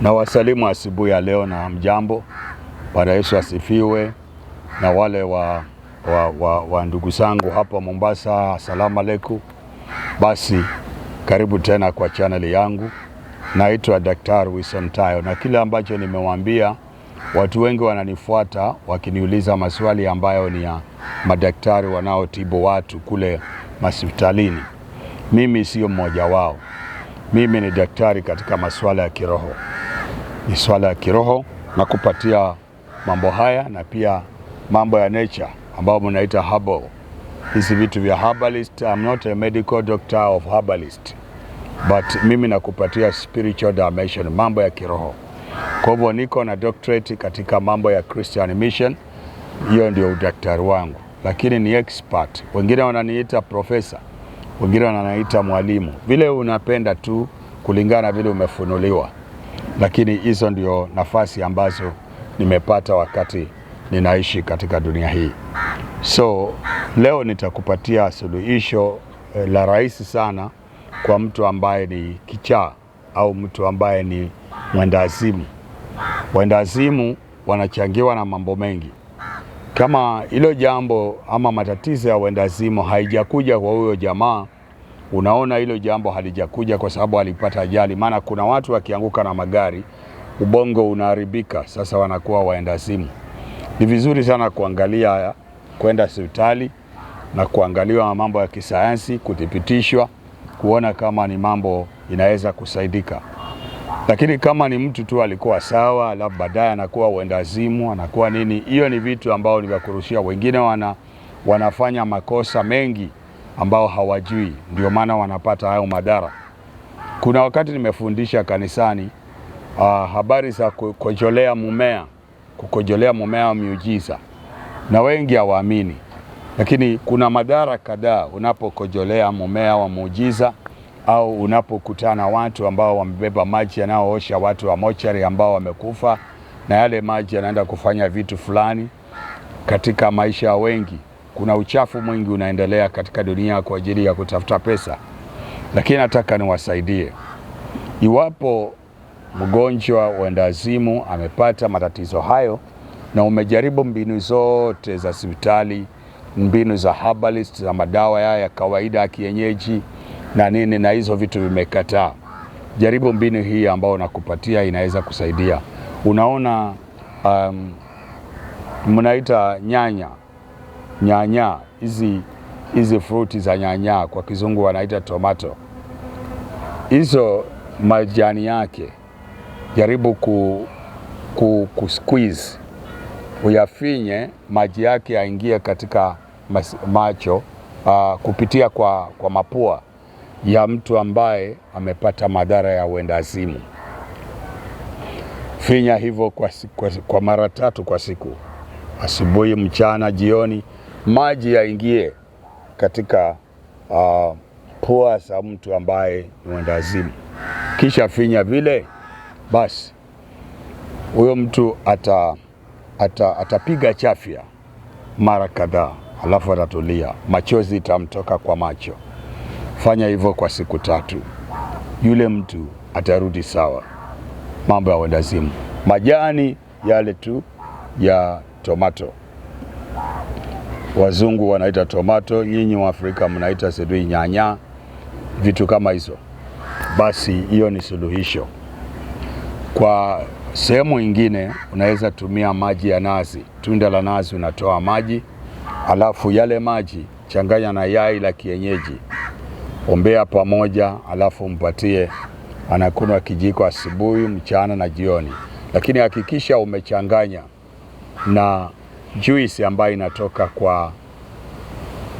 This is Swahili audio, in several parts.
Na wasalimu asubuhi ya leo na mjambo. Bwana Yesu asifiwe. Na wale wa, wa, wa, wa ndugu zangu hapa Mombasa, asalamu aleikum. Basi karibu tena kwa chaneli yangu. Naitwa Daktari Wilson Tayo, na kile ambacho nimewaambia, watu wengi wananifuata wakiniuliza maswali ambayo ni ya madaktari wanaotibu watu kule hospitalini. Mimi sio mmoja wao. Mimi ni daktari katika masuala ya kiroho, ni swala ya kiroho na kupatia mambo haya na pia mambo ya nature ambayo mnaita herbal. Hizi vitu vya herbalist, I'm not a medical doctor of herbalist but mimi nakupatia spiritual dimension, mambo ya kiroho. Kwa hivyo niko na doctorate katika mambo ya Christian mission, hiyo ndio udaktari wangu, lakini ni expert, wengine wananiita professor wengine wananiita mwalimu, vile unapenda tu kulingana vile umefunuliwa, lakini hizo ndio nafasi ambazo nimepata wakati ninaishi katika dunia hii. So leo nitakupatia suluhisho eh, la rahisi sana kwa mtu ambaye ni kichaa au mtu ambaye ni mwendazimu. Wendazimu wanachangiwa na mambo mengi. Kama hilo jambo ama matatizo ya wendazimu haijakuja kwa huyo jamaa unaona hilo jambo halijakuja kwa sababu alipata ajali. Maana kuna watu wakianguka na magari ubongo unaharibika, sasa wanakuwa waenda simu. Ni vizuri sana kuangalia kwenda hospitali na kuangaliwa mambo ya kisayansi, kuthibitishwa, kuona kama ni mambo inaweza kusaidika. Lakini kama ni mtu tu alikuwa sawa, alafu baadaye anakuwa uendazimu, anakuwa nini, hiyo ni vitu ambao ni vya kurushia. Wengine wana, wanafanya makosa mengi ambao hawajui, ndio maana wanapata hayo madhara. Kuna wakati nimefundisha kanisani uh, habari za kukojolea mumea, kukojolea mumea wa miujiza, na wengi hawaamini, lakini kuna madhara kadhaa unapokojolea mumea wa muujiza au unapokutana watu ambao wamebeba maji yanayoosha watu wa mochari ambao wamekufa, na yale maji yanaenda kufanya vitu fulani katika maisha ya wengi kuna uchafu mwingi unaendelea katika dunia kwa ajili ya kutafuta pesa, lakini nataka niwasaidie. Iwapo mgonjwa wa amepata matatizo hayo na umejaribu mbinu zote za hospitali, mbinu za herbalist, za madawa haya ya kawaida ya kienyeji na nini na hizo vitu vimekataa, jaribu mbinu hii ambayo nakupatia, inaweza kusaidia. Unaona, um, mnaita nyanya nyanya hizi hizi fruti za nyanya kwa kizungu wanaita tomato, hizo majani yake jaribu ku, ku, ku squeeze uyafinye, maji yake yaingie katika mas, macho uh, kupitia kwa, kwa mapua ya mtu ambaye amepata madhara ya uendazimu. Finya hivyo kwa, kwa, kwa mara tatu kwa siku, asubuhi, mchana, jioni maji yaingie katika uh, pua za mtu ambaye ni mwendazimu, kisha finya vile, basi huyo mtu ata, ata, atapiga chafya mara kadhaa, alafu atatulia, machozi itamtoka kwa macho. Fanya hivyo kwa siku tatu, yule mtu atarudi sawa. Mambo ya wendazimu majani yale tu ya tomato wazungu wanaita tomato, nyinyi Waafrika mnaita sijui nyanya, vitu kama hizo. Basi hiyo ni suluhisho. Kwa sehemu ingine unaweza tumia maji ya nazi, tunda la nazi, unatoa maji alafu yale maji changanya na yai la kienyeji, ombea pamoja, alafu mpatie, anakunywa kijiko asubuhi, mchana na jioni, lakini hakikisha umechanganya na juisi ambayo inatoka kwa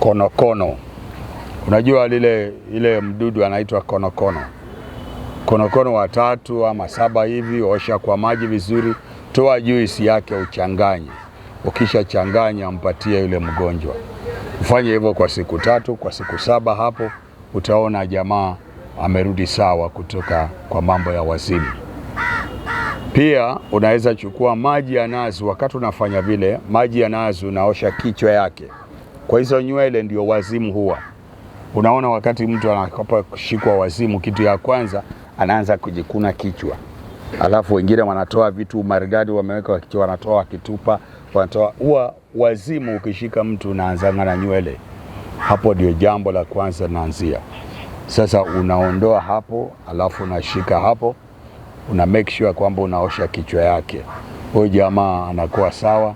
konokono. Unajua lile ile mdudu anaitwa konokono, konokono watatu ama saba hivi, osha kwa maji vizuri, toa juisi yake uchanganye. Ukishachanganya mpatie yule mgonjwa. Ufanye hivyo kwa siku tatu, kwa siku saba, hapo utaona jamaa amerudi sawa kutoka kwa mambo ya wazimu. Pia unaweza chukua maji ya nazi, wakati unafanya vile maji ya nazi unaosha kichwa yake, kwa hizo nywele ndio wazimu huwa. Unaona, wakati mtu anaposhikwa wazimu, kitu ya kwanza anaanza kujikuna kichwa, alafu wengine wanatoa vitu maridadi wameweka kichwa, wanatoa wakitupa, wanatoa huwa wazimu. Ukishika mtu unaanzanga na nywele, hapo ndio jambo la kwanza naanzia. Sasa unaondoa hapo, alafu unashika hapo una make sure kwamba unaosha kichwa yake, huyu jamaa anakuwa sawa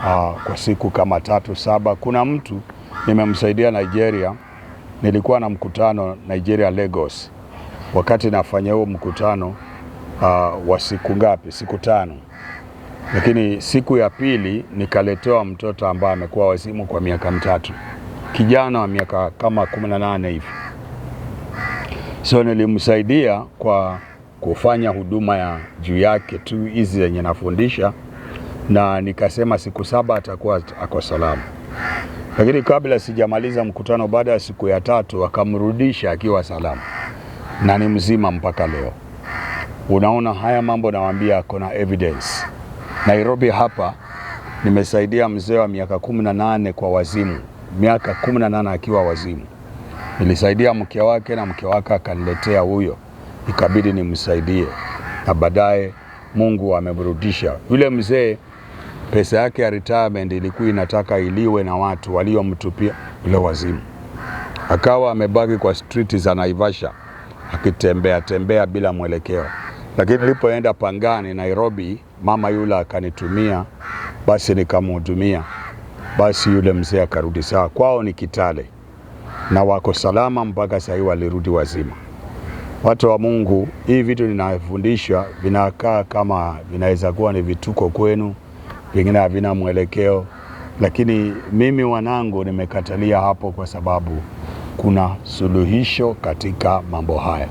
aa, ah, kwa siku kama tatu saba. Kuna mtu nimemsaidia Nigeria, nilikuwa na mkutano Nigeria Lagos, wakati nafanya huo mkutano aa, ah, wa siku ngapi? Siku tano. Lakini siku ya pili nikaletewa mtoto ambaye amekuwa wazimu kwa miaka mitatu, kijana wa miaka kama 18 hivi, so nilimsaidia kwa kufanya huduma ya juu yake tu hizi zenye nafundisha, na nikasema siku saba atakuwa ako salama. Lakini kabla sijamaliza mkutano, baada ya siku ya tatu akamrudisha akiwa salama na ni mzima mpaka leo. Unaona, haya mambo nawaambia kuna evidence. Nairobi hapa nimesaidia mzee wa miaka kumi na nane kwa wazimu, miaka kumi na nane akiwa wazimu. Nilisaidia mke wake na mke wake akaniletea huyo ikabidi nimsaidie, na baadaye Mungu amemrudisha yule mzee. Pesa yake ya retirement ilikuwa inataka iliwe na watu waliomtupia yule wazimu, akawa amebaki kwa street za Naivasha akitembea tembea bila mwelekeo. Lakini nilipoenda Pangani, Nairobi, mama yule akanitumia, basi nikamhudumia, basi yule mzee akarudi sawa. Kwao ni Kitale na wako salama mpaka sahii, walirudi wazima. Watu wa Mungu, hii vitu ninafundishwa vinakaa kama vinaweza kuwa ni vituko kwenu, vingine havina mwelekeo, lakini mimi wanangu, nimekatalia hapo kwa sababu kuna suluhisho katika mambo haya.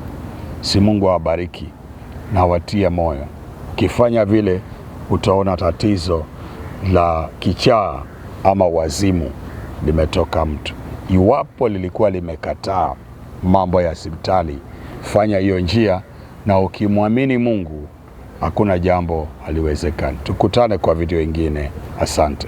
Si Mungu awabariki na watie moyo. Ukifanya vile, utaona tatizo la kichaa ama wazimu limetoka mtu, iwapo lilikuwa limekataa mambo ya sipitali fanya hiyo njia, na ukimwamini Mungu hakuna jambo haliwezekani. Tukutane kwa video ingine, asante.